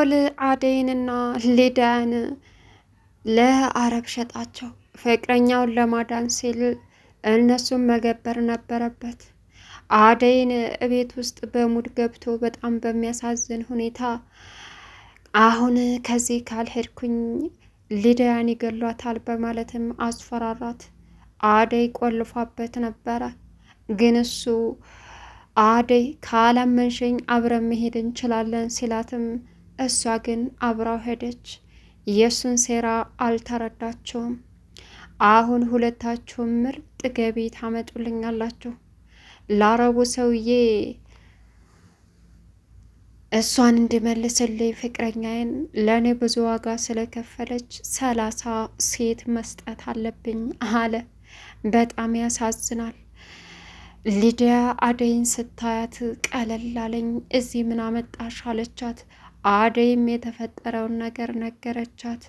ሲኦል አደይንና ሊዳን ለአረብ ሸጣቸው። ፍቅረኛውን ለማዳን ሲል እነሱን መገበር ነበረበት። አደይን እቤት ውስጥ በሙድ ገብቶ በጣም በሚያሳዝን ሁኔታ አሁን ከዚህ ካልሄድኩኝ ሊዳያን ይገሏታል በማለትም አስፈራራት። አደይ ቆልፏበት ነበረ። ግን እሱ አደይ ካላመንሽኝ አብረን መሄድ እንችላለን ሲላትም እሷ ግን አብራው ሄደች። የእሱን ሴራ አልተረዳቸውም። አሁን ሁለታችሁም ምርጥ ገቢ ታመጡልኛላችሁ። ለአረቡ ሰውዬ እሷን እንድመልስልኝ ፍቅረኛዬን ለእኔ ብዙ ዋጋ ስለከፈለች ሰላሳ ሴት መስጠት አለብኝ አለ። በጣም ያሳዝናል። ሊዲያ አደይን ስታያት ቀለል አለኝ። እዚህ ምን አመጣሽ አለቻት። አደይም የተፈጠረውን ነገር ነገረቻት።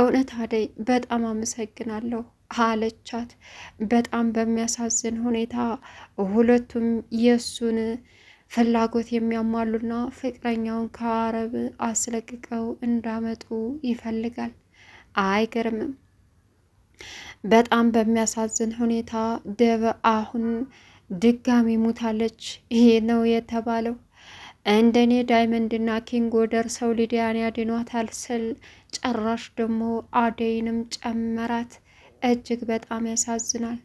እውነት አደይ በጣም አመሰግናለሁ አለቻት። በጣም በሚያሳዝን ሁኔታ ሁለቱም የእሱን ፍላጎት የሚያሟሉና ፍቅረኛውን ከአረብ አስለቅቀው እንዳመጡ ይፈልጋል። አይገርምም። በጣም በሚያሳዝን ሁኔታ ደብ አሁን ድጋሚ ሙታለች ይሄ ነው የተባለው። እንደኔ ዳይመንድና ኪንጎ ደርሰው ሊዲያን ያድኗታል ስል ጭራሽ ደግሞ አደይንም ጨመራት። እጅግ በጣም ያሳዝናል።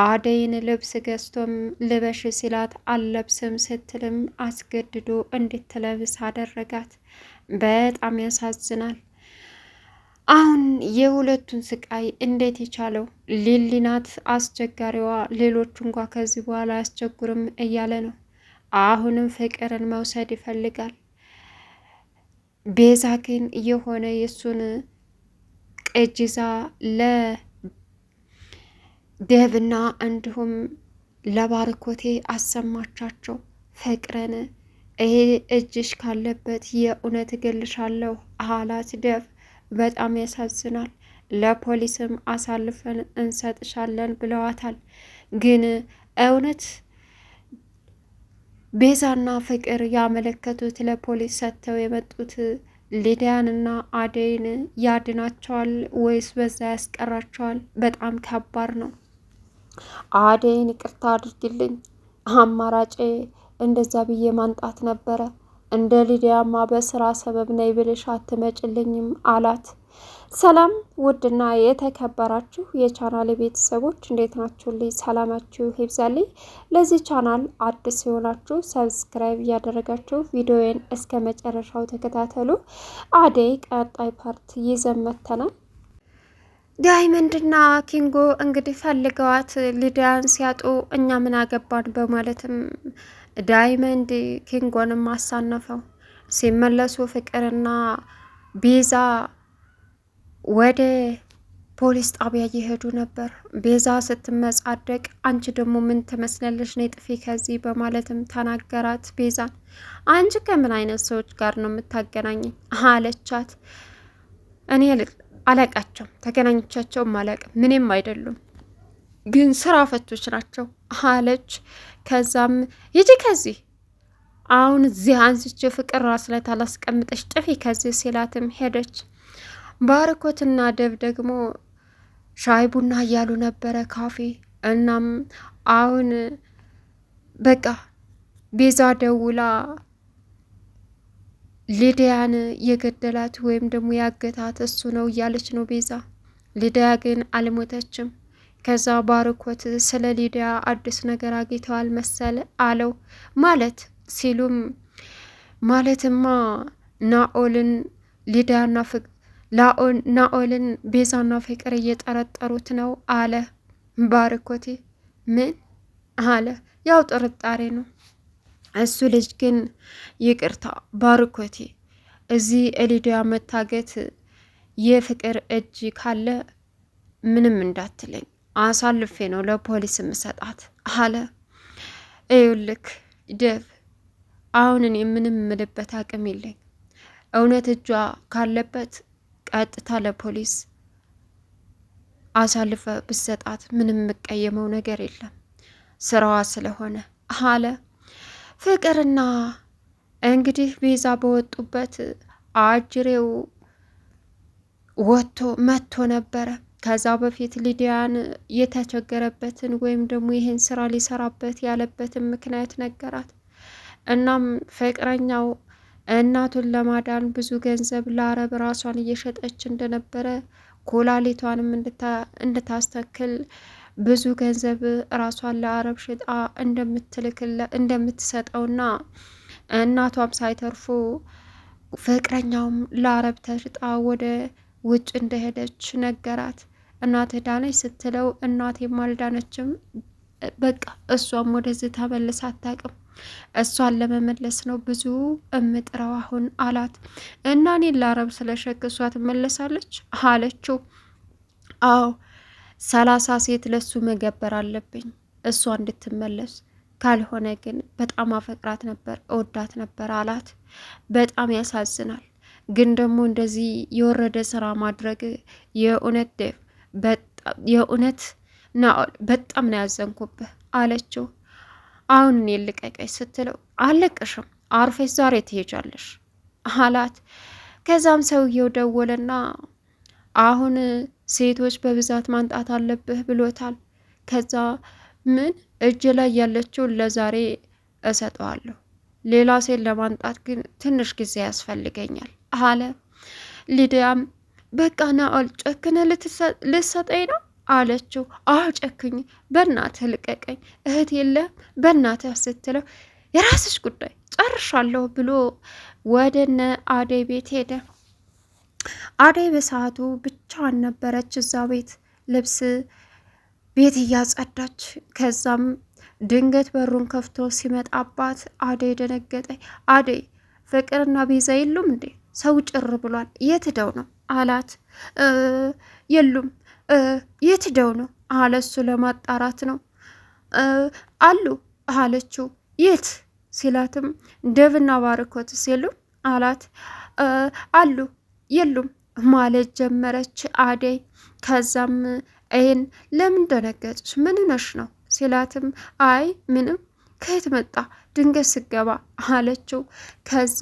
አደይን ልብስ ገዝቶም ልበሽ ሲላት አለብስም ስትልም አስገድዶ እንድትለብስ አደረጋት። በጣም ያሳዝናል። አሁን የሁለቱን ስቃይ እንዴት የቻለው ሊሊናት አስቸጋሪዋ፣ ሌሎቹ እንኳ ከዚህ በኋላ አያስቸጉርም እያለ ነው አሁንም ፍቅርን መውሰድ ይፈልጋል። ቤዛ ግን የሆነ የእሱን ቅጅ ይዛ ለደብና እንዲሁም ለባርኮቴ አሰማቻቸው። ፍቅርን ይሄ እጅሽ ካለበት የእውነት እገልሻለሁ አላት ደብ። በጣም ያሳዝናል። ለፖሊስም አሳልፈን እንሰጥሻለን ብለዋታል። ግን እውነት ቤዛና ፍቅር ያመለከቱት ለፖሊስ ሰጥተው የመጡት ሊዲያንና አደይን ያድናቸዋል ወይስ በዛ ያስቀራቸዋል? በጣም ከባድ ነው። አደይን ይቅርታ አድርግልኝ፣ አማራጬ እንደዛ ብዬ ማንጣት ነበረ እንደ ሊዲያማ በስራ ሰበብ ነይ ብልሽ አትመጭልኝም አላት። ሰላም ውድና የተከበራችሁ የቻናል ቤተሰቦች እንዴት ናችሁ? ልይ ሰላማችሁ ይብዛልኝ። ለዚህ ቻናል አዲስ የሆናችሁ ሰብስክራይብ እያደረጋችሁ ቪዲዮዬን እስከ መጨረሻው ተከታተሉ። አደይ ቀጣይ ፓርት ይዘን መጥተናል። ዳይመንድና ኪንጎ እንግዲህ ፈልገዋት ሊዲያን ሲያጡ እኛ ምን አገባን በማለትም ዳይመንድ ኪንጎንም አሳነፈው። ሲመለሱ ፍቅርና ቤዛ ወደ ፖሊስ ጣቢያ እየሄዱ ነበር። ቤዛ ስትመጻደቅ አንቺ ደግሞ ምን ትመስለለች ነይ ጥፊ ከዚህ በማለትም ተናገራት። ቤዛን አንቺ ከምን አይነት ሰዎች ጋር ነው የምታገናኝ አለቻት። እኔ አላቃቸው ተገናኝቻቸውም አላቅ ምንም አይደሉም ግን ስራ ፈቶች ናቸው አለች። ከዛም ይጂ ከዚህ አሁን እዚህ አንስቼ ፍቅር ራስ ላይ ታላስቀምጠች ጥፊ ከዚህ ሲላትም ሄደች። ባርኮትና ደብ ደግሞ ሻይ ቡና እያሉ ነበረ ካፌ። እናም አሁን በቃ ቤዛ ደውላ ሊዲያን የገደላት ወይም ደግሞ ያገታት እሱ ነው እያለች ነው ቤዛ። ሊዲያ ግን አልሞተችም። ከዛ ባርኮት ስለ ሊዲያ አዲስ ነገር አግኝተዋል መሰል አለው። ማለት ሲሉም ማለትማ ናኦልን ሊዲያና ናኦልን ቤዛና ፍቅር እየጠረጠሩት ነው አለ ባርኮቴ። ምን አለ? ያው ጥርጣሬ ነው እሱ ልጅ ግን ይቅርታ ባርኮቴ፣ እዚህ ሊዲያ መታገት የፍቅር እጅ ካለ ምንም እንዳትለኝ አሳልፌ ነው ለፖሊስ የምሰጣት አለ። ይኸውልህ ደቭ፣ አሁን እኔ ምንም አቅም የለኝ። እውነት እጇ ካለበት ቀጥታ ለፖሊስ አሳልፈ ብሰጣት ምንም የምቀየመው ነገር የለም ስራዋ ስለሆነ አለ። ፍቅርና እንግዲህ ቤዛ በወጡበት አጅሬው ወጥቶ መጥቶ ነበረ። ከዛ በፊት ሊዲያን የተቸገረበትን ወይም ደግሞ ይህን ስራ ሊሰራበት ያለበትን ምክንያት ነገራት። እናም ፍቅረኛው እናቱን ለማዳን ብዙ ገንዘብ ለአረብ ራሷን እየሸጠች እንደነበረ ኩላሊቷንም እንድታስተክል ብዙ ገንዘብ ራሷን ለአረብ ሽጣ እንደምትሰጠውና እናቷም ሳይተርፉ ፍቅረኛውም ለአረብ ተሽጣ ወደ ውጭ እንደሄደች ነገራት። እናት ዳነች ስትለው እናቴ ማልዳነችም በቃ እሷም ወደዚህ ተመልስ አታውቅም። እሷን ለመመለስ ነው ብዙ እምጥረው አሁን አላት እና እኔን ለአረብ ስለሸክ እሷ ትመለሳለች አለችው። አዎ ሰላሳ ሴት ለሱ መገበር አለብኝ እሷ እንድትመለስ ካልሆነ ግን በጣም አፈቅራት ነበር እወዳት ነበር አላት። በጣም ያሳዝናል። ግን ደግሞ እንደዚህ የወረደ ስራ ማድረግ የእውነት ዴቭ የእውነት ናኦል በጣም ነው ያዘንኩብህ አለችው። አሁን እኔ ልቀቀኝ ስትለው አለቅሽም አርፌስ ዛሬ ትሄጃለሽ አላት። ከዛም ሰውየው ደወለና አሁን ሴቶች በብዛት ማንጣት አለብህ ብሎታል። ከዛ ምን እጅ ላይ ያለችውን ለዛሬ እሰጠዋለሁ፣ ሌላ ሴት ለማንጣት ግን ትንሽ ጊዜ ያስፈልገኛል አለ። ሊዲያም በቃ ናኦል ጨክነ ልትሰጠኝ ነው አለችው። አዎ ጨክኝ፣ በእናትህ ልቀቀኝ፣ እህት የለም በእናትህ ስትለው የራስሽ ጉዳይ ጨርሻለሁ ብሎ ወደነ አደይ ቤት ሄደ። አደይ በሰዓቱ ብቻዋን ነበረች እዛ ቤት ልብስ ቤት እያጸዳች። ከዛም ድንገት በሩን ከፍቶ ሲመጣባት አደይ ደነገጠ። አደይ ፍቅርና ቤዛ የሉም እንዴ ሰው ጭር ብሏል። የት ደው ነው አላት። የሉም። የት ደው ነው አለ። እሱ ለማጣራት ነው አሉ አለችው። የት ሲላትም ደብና ባርኮት ሲሉ አላት። አሉ የሉም ማለት ጀመረች አደይ። ከዛም ይህን ለምን ደነገጥሽ? ምን ነሽ ነው ሲላትም አይ ምንም ከየት መጣ ድንገት ስገባ አለችው። ከዛ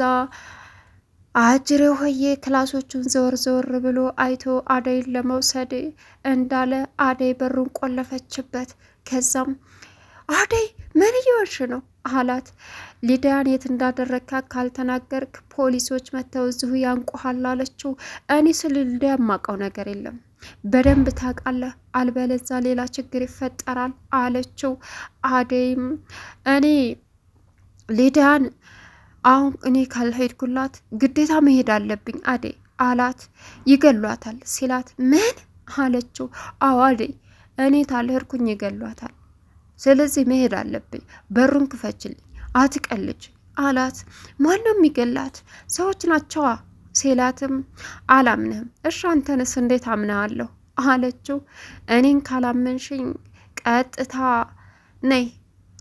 አጅሬው ሆዬ ክላሶቹን ዘወር ዘወር ብሎ አይቶ አደይን ለመውሰድ እንዳለ አደይ በሩን ቆለፈችበት። ከዛም አደይ ምን እየወሽ ነው አላት። ሊዳያን የት እንዳደረግካ ካልተናገርክ ፖሊሶች መጥተው እዚሁ ያንቁሃል አለችው። እኔ ስል ሊዳያ የማውቀው ነገር የለም በደንብ ታውቃለህ፣ አልበለዛ ሌላ ችግር ይፈጠራል አለችው። አደይም እኔ ሊዳያን አሁን እኔ ካልሄድኩላት ግዴታ መሄድ አለብኝ አዴ አላት። ይገሏታል ሲላት ምን አለችው? አዎ አዴ እኔ ታልሄድኩኝ ይገሏታል። ስለዚህ መሄድ አለብኝ። በሩን ክፈችልኝ፣ አትቀልጅ አላት። ማነው የሚገላት? ሰዎች ናቸዋ ሲላትም አላምንህም። እሺ አንተንስ እንዴት አምናሃለሁ? አለችው። እኔን ካላመንሽኝ ቀጥታ ነይ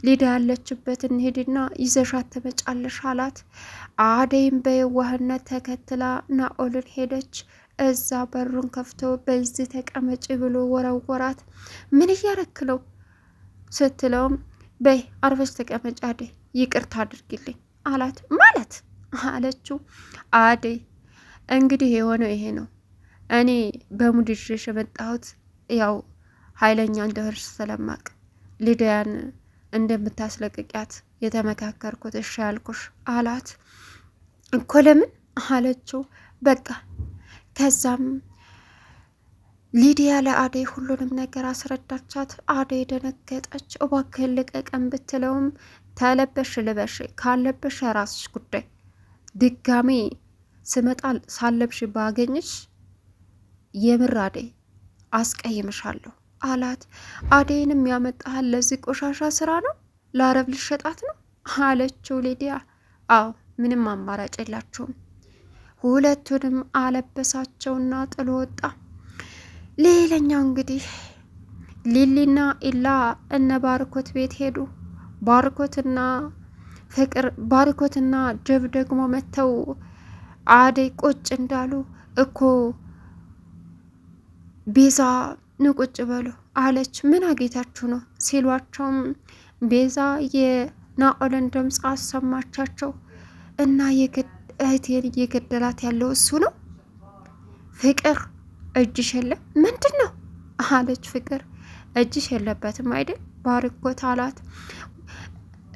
ሊዳ ያለችበት እንሄድና ይዘሻት ትመጫለሽ አላት። አደይም በየዋህነት ተከትላ ናኦልን ሄደች። እዛ በሩን ከፍቶ በዚህ ተቀመጭ ብሎ ወረወራት። ምን እያረክ ነው ስትለውም በይ አርፈሽ ተቀመጭ አደይ፣ ይቅርታ አድርግልኝ አላት። ማለት አለችው አደይ እንግዲህ የሆነው ይሄ ነው። እኔ በሙድሽሽ የመጣሁት ያው ኃይለኛ እንደሆነሽ ስለማቅ ሊዳያን እንደምታስለቅቂያት የተመካከርኩት እሺ ያልኩሽ አላት። እኮ ለምን አለችው። በቃ ከዛም ሊዲያ ለአደይ ሁሉንም ነገር አስረዳቻት። አደይ ደነገጠች። እባክህን ልቀቀን ብትለውም ተለበሽ ልበሽ ካለበሽ የራስሽ ጉዳይ፣ ድጋሜ ስመጣል ሳለብሽ ባገኝሽ የምር አደይ አስቀይምሻለሁ አላት። አደይንም ያመጣሃል ለዚህ ቆሻሻ ስራ ነው? ለአረብ ልሸጣት ነው አለችው ሊዲያ። አዎ ምንም አማራጭ የላችሁም። ሁለቱንም አለበሳቸውና ጥሎ ወጣ። ሌላኛው እንግዲህ ሊሊና ኢላ እነ ባርኮት ቤት ሄዱ። ባርኮትና ፍቅር ባርኮትና ጀብ ደግሞ መጥተው አደይ ቁጭ እንዳሉ እኮ ቤዛ ኑ ቁጭ በሉ አለች። ምን አጌታችሁ ነው ሲሏቸውም ቤዛ የናኦልን ድምፅ አሰማቻቸው እና እህቴን እየገደላት ያለው እሱ ነው። ፍቅር እጅሽ የለም ምንድን ነው አለች። ፍቅር እጅሽ የለበትም አይደል ባርኮት አላት።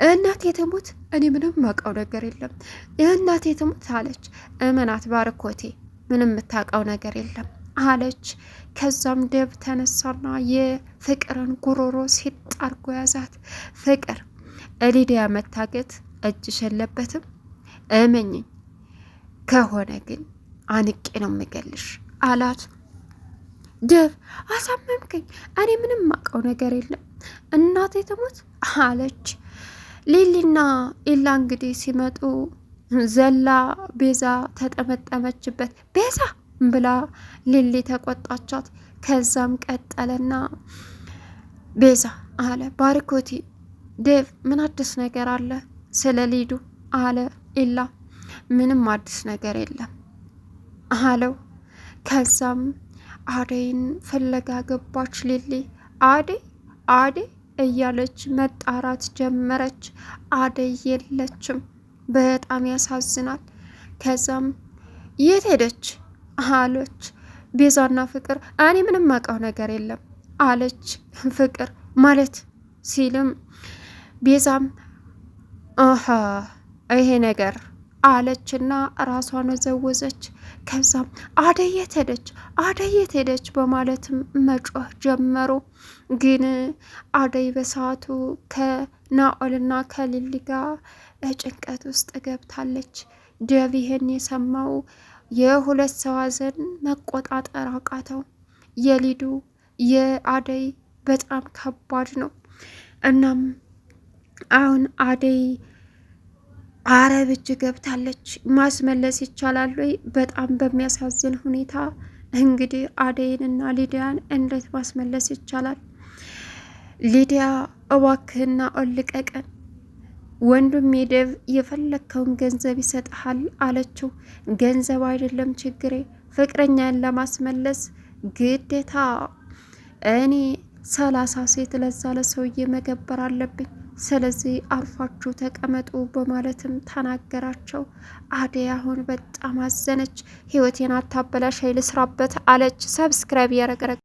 እናቴ ትሙት እኔ ምንም የማውቀው ነገር የለም። እናቴ ትሙት አለች። እመናት ባርኮቴ ምንም የምታውቀው ነገር የለም አለች። ከዛም ደብ ተነሳና የፍቅርን ጉሮሮ ሲጥ አርጎ ያዛት። ፍቅር ሊዲያ መታገት እጅሽ የለበትም እመኝኝ፣ ከሆነ ግን አንቄ ነው ምገልሽ አላት። ደብ አሳመምከኝ፣ እኔ ምንም ማቀው ነገር የለም እናቴ ትሙት አለች። ሊሊና ኢላ እንግዲህ ሲመጡ ዘላ ቤዛ ተጠመጠመችበት ቤዛ ብላ ሊሊ ተቆጣቻት። ከዛም ቀጠለና ቤዛ አለ ባርኮቴ፣ ዴቭ ምን አዲስ ነገር አለ ስለ ሊዱ አለ ኢላ። ምንም አዲስ ነገር የለም አለው። ከዛም አደይን ፍለጋ ገባች ሊሊ። አደይ አደይ እያለች መጣራት ጀመረች። አደይ የለችም። በጣም ያሳዝናል። ከዛም የት ሄደች አለች ቤዛና ፍቅር። እኔ ምንም አውቀው ነገር የለም አለች ፍቅር ማለት ሲልም ቤዛም ይሄ ነገር አለችና ራሷን ወዘወዘች። ከዛም አደየት ሄደች? አደየት ሄደች? በማለትም መጮህ ጀመሩ። ግን አደይ በሰዓቱ ከናኦልና ከሊሊ ጋር ጭንቀት ውስጥ ገብታለች። ደቪህን የሰማው የሁለት ሰው ሀዘን መቆጣጠር አቃተው። የሊዱ የአደይ በጣም ከባድ ነው። እናም አሁን አደይ አረብ እጅ ገብታለች። ማስመለስ ይቻላል ወይ? በጣም በሚያሳዝን ሁኔታ እንግዲህ አደይን እና ሊዲያን እንዴት ማስመለስ ይቻላል? ሊዲያ እባክህና እልቀቀን ወንዱም ዴቭ የፈለግከውን ገንዘብ ይሰጥሃል አለችው። ገንዘብ አይደለም ችግሬ፣ ፍቅረኛን ለማስመለስ ግዴታ እኔ ሰላሳ ሴት ለዛ ለሰውዬ መገበር አለብኝ። ስለዚህ አርፋችሁ ተቀመጡ በማለትም ተናገራቸው። አደይ አሁን በጣም አዘነች። ህይወቴን አታበላሽ፣ ልስራበት አለች። ሰብስክራይብ ያረገረግ